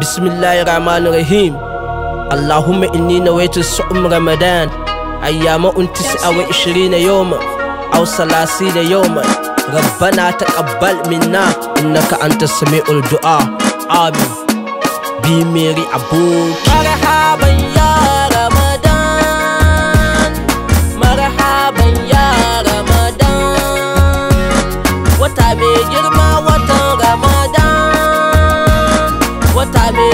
بسم الله الرحمن الرحيم اللهم إني نويت صوم رمضان أيام تسعة عشرين يوما أو ثلاثين يوما ربنا تقبل منا إنك أنت سميع الدعاء آمين ميري أبوك مرحبا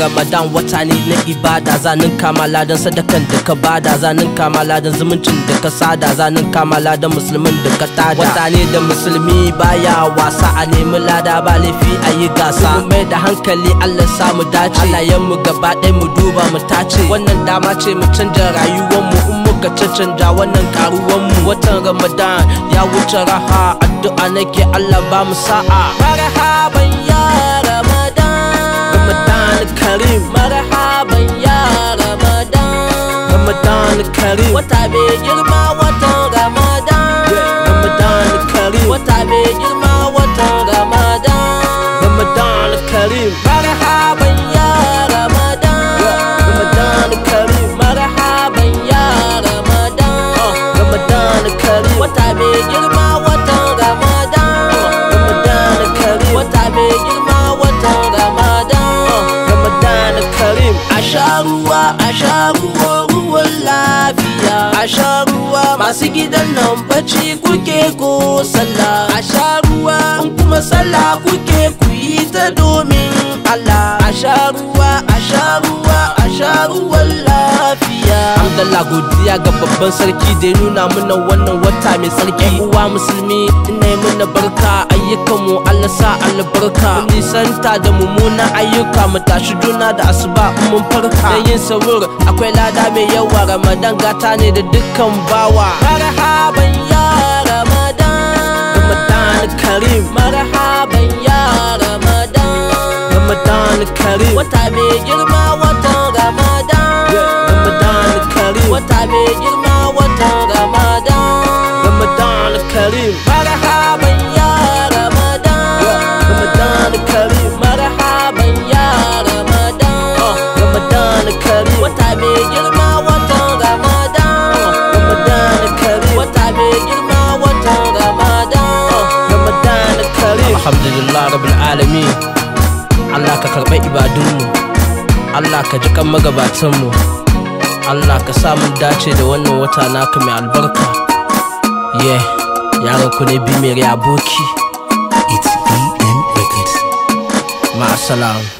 ramadan wata ne na ibada zanin kamala don sadakan da ka bada zanin kamala don zumuncin da ka sada zanin kamala don musulmin da ka tada wata ne da musulmi baya wasa a nemi lada ba laifi a yi gasa mai da hankali allah samu dace halayen mu gaba ɗaya mu duba mu tace wannan dama ce mu canja rayuwar mu in muka cancanta wannan karuwar mu watan ramadan ya wuce raha addu'a nake allah ba mu sa'a ban ya Ramadan Kareem what mai girma You Ramadan Ramadan Kareem wata Ramadan Ramadan Kareem marhaban ya Ramadan uh, Ramadan Kareem marhaban ya Ramadan uh, Ramadan Kareem wata mai girma watan Ramadan uh, Ramadan Kareem wata Ramadan Ramadan Kareem a sha sha ruwa masu gidan nan bacci kuke ko sallah a sha ruwa kuma sallah Allah godiya ga babban sarki da ya nuna mana wannan wata mai tsarki uwa musulmi ina yi mana barka ayyukan mu Allah sa albarka nisanta da mumuna ayyuka mu tashi juna da asuba mun farka da yin sabur akwai lada mai yawa Ramadan gata ne da dukkan bawa marhaban ya Ramadan Ramadan Karim marhaban ya Ramadan Ramadan Karim wata mai girma karim marhaban ya ramadan ramadan karim marhaban ya ramadan ramadan karim wata mai girma watan ramadan ramadan karim wata mai girma watan ramadan ramadan karim alhamdulillah rabbil alamin Allah ka karɓi ibadunmu Allah ka ji kan magabatanmu Allah ka samu dace da wannan wata naka mai albarka yeah yaro kone bi mere aboki it's em records ma salam